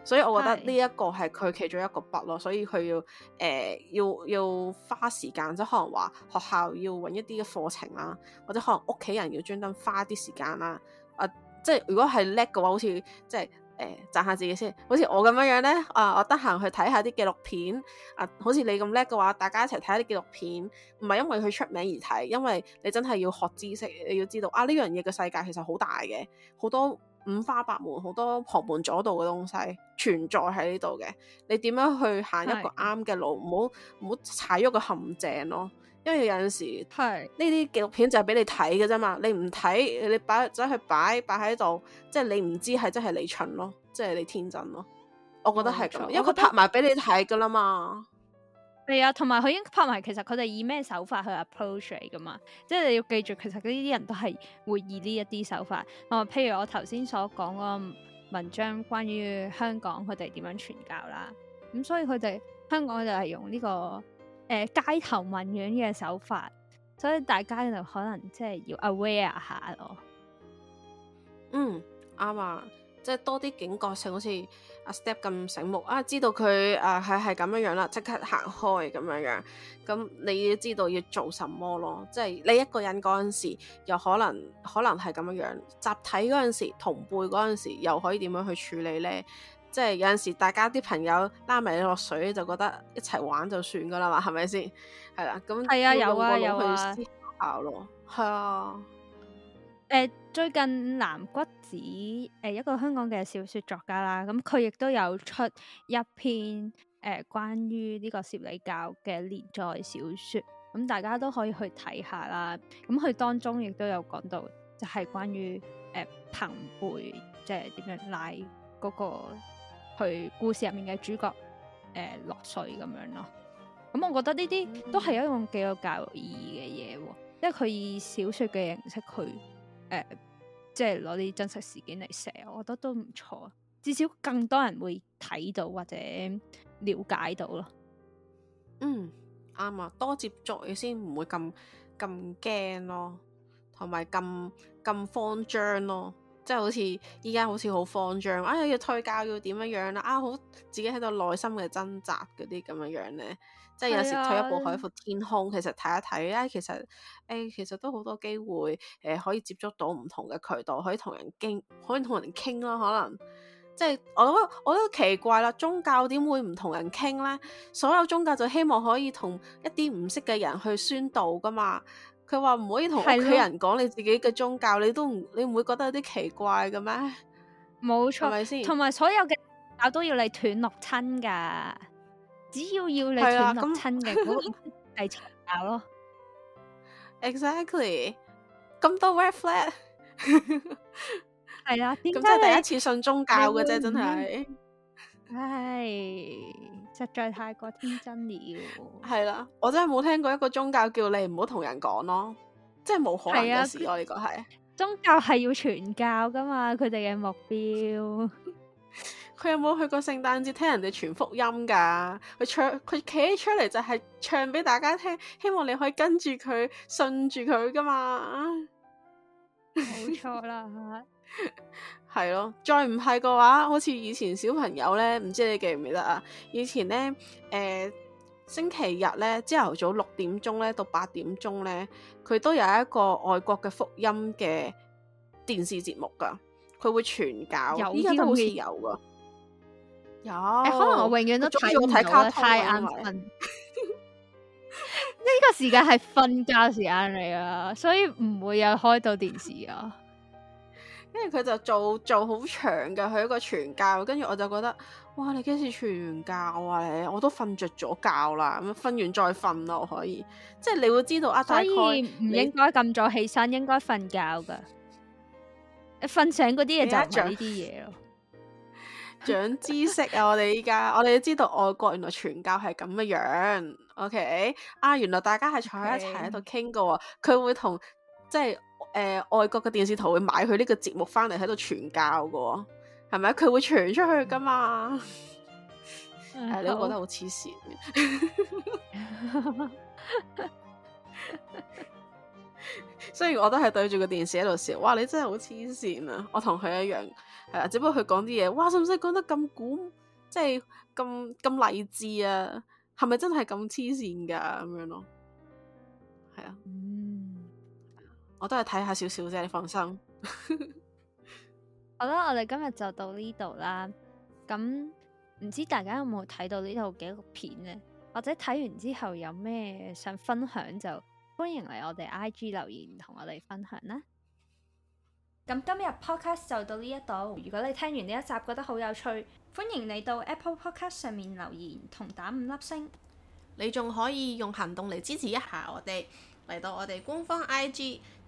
所以我覺得呢一個係佢其中一個弊咯，是所以佢要誒、呃、要要花時間，即係可能話學校要搵一啲嘅課程啦，或者可能屋企人要專登花啲時間啦。啊、呃，即係如果係叻嘅話，好似即係。誒賺下自己先，好似我咁樣樣咧，啊我得閒去睇下啲紀錄片啊，好似你咁叻嘅話，大家一齊睇下啲紀錄片，唔係因為佢出名而睇，因為你真係要學知識，你要知道啊呢樣嘢嘅世界其實好大嘅，好多五花八門、好多旁門左道嘅東西存在喺呢度嘅，你點樣去行一個啱嘅的路，唔好唔好踩咗個陷阱咯。因為有陣時，係呢啲紀錄片就係俾你睇嘅啫嘛，你唔睇，你擺走去擺擺喺度，即係你唔知係真係你蠢咯，即係你天真咯，我覺得係咁，錯因為佢拍埋俾你睇噶啦嘛。係啊、嗯，同埋佢已經拍埋，其實佢哋以咩手法去 approach 嘅嘛？即係你要記住，其實呢啲人都係會以呢一啲手法。哦、嗯，譬如我頭先所講嗰個文章，關於香港佢哋點樣傳教啦，咁、嗯、所以佢哋香港佢哋係用呢、這個。誒、呃、街頭文樣嘅手法，所以大家就可能即係要 aware 下咯。嗯，啱啊，即係多啲警覺性，好似阿 Step 咁醒目啊，知道佢啊係係咁樣樣啦，即刻行開咁樣樣。咁你要知道要做什麼咯，即係你一個人嗰陣時，又可能可能係咁樣樣；集體嗰陣時，同輩嗰陣時，又可以點樣去處理呢？即係有陣時，大家啲朋友拉埋你落水，就覺得一齊玩就算噶啦嘛，係咪先？係啦，咁啊，有啊，有去思考咯。係啊，誒、啊呃、最近南骨子誒、呃、一個香港嘅小說作家啦，咁佢亦都有出一篇誒、呃、關於呢個攝理教嘅連載小說，咁、嗯、大家都可以去睇下啦。咁、嗯、佢當中亦都有講到，就係關於誒朋輩即係點樣拉嗰、那個。去故事入面嘅主角誒、呃、落水咁樣咯，咁、嗯、我覺得呢啲都係一種幾有教育意義嘅嘢，因為佢以小説嘅形式去誒、呃，即係攞啲真實事件嚟寫，我覺得都唔錯，至少更多人會睇到或者了解到咯。嗯，啱啊，多接觸你先唔會咁咁驚咯，同埋咁咁慌張咯。即係好似依家好似好慌張，哎呀要退教要點樣樣、啊、啦，啊好自己喺度內心嘅掙扎嗰啲咁樣樣、啊、咧，即係有時退一步海闊天空，其實睇一睇啊，其實誒、哎、其實都好多機會誒、呃、可以接觸到唔同嘅渠道，可以同人傾，可以同人傾咯，可能即係我覺得我我都奇怪啦，宗教點會唔同人傾咧？所有宗教就希望可以同一啲唔識嘅人去宣道噶嘛。佢話唔可以同屋企人講你自己嘅宗教，的你都唔你唔會覺得有啲奇怪嘅咩？冇錯錯，咪先？同埋所有嘅宗教都要你斷六親噶，只要要你斷六親嘅，唔好係宗教咯。 [LAUGHS] [LAUGHS] [LAUGHS] Exactly，咁多 w i f flat，係啊，咁即係第一次信宗教嘅啫，真係，唉。哎實在太過天真了。係啦， [LAUGHS] 我真係冇聽過一個宗教叫你唔好同人講咯，即係冇可能嘅事咯，啊。呢個係宗教係要傳教噶嘛，佢哋嘅目標。佢 [LAUGHS] 有冇去過聖誕節聽人哋傳福音噶？佢唱佢企起出嚟就係唱俾大家聽，希望你可以跟住佢信住佢噶嘛。冇 [LAUGHS] 錯錯啦。 [LAUGHS] 係咯，再唔係嘅話，好似以前小朋友咧，唔知你記唔記得啊？以前咧，誒、呃，星期日咧，朝頭早六點鐘咧到八點鐘咧，佢都有一個外國嘅福音嘅電視節目噶，佢會傳教，依家都有好似有噶，有、欸，可能我永遠都睇唔到啦，太眼瞓，呢 [LAUGHS] [LAUGHS] 個時間係瞓覺時間嚟啊，所以唔會有開到電視啊。跟住佢就做做好長嘅，佢一個傳教。跟住我就覺得，哇！你幾時傳完教啊？你我都瞓着咗覺啦，咁瞓完再瞓咯，我可以。即係你會知道以啊，大概唔應該咁早起身，應該瞓覺噶。瞓醒嗰啲嘢就講呢啲嘢咯，長知識啊！我哋依家我哋都知道外國原來傳教係咁嘅樣。OK，啊，原來大家係坐喺一齊喺度傾噶。佢 Okay. 會同即係。誒、呃，外國嘅電視台會買佢呢個節目翻嚟喺度傳教嘅，係咪？佢會傳出去噶嘛？你都覺得好黐線，雖 [LAUGHS] [LAUGHS] [LAUGHS] 然我都係對住個電視喺度笑。哇，你真係好黐線啊！我同佢一樣，係啊，只不過佢講啲嘢，哇，使唔使講得咁古，即係咁咁勵志啊？係咪真係咁黐線噶？咁樣咯，係啊。 [LAUGHS] 我都係睇下少少啫，你放心。 [LAUGHS] 好啦，我哋今日就到呢度啦。咁唔知大家有冇睇到呢套紀錄片呢？或者睇完之後有咩想分享就，就歡迎嚟我哋 I G 留言同我哋分享啦。咁今日 Podcast 就到呢一度。如果你聽完呢一集覺得好有趣，歡迎你到 Apple Podcast 上面留言同打五粒星。你仲可以用行動嚟支持一下我哋嚟到我哋官方 I G。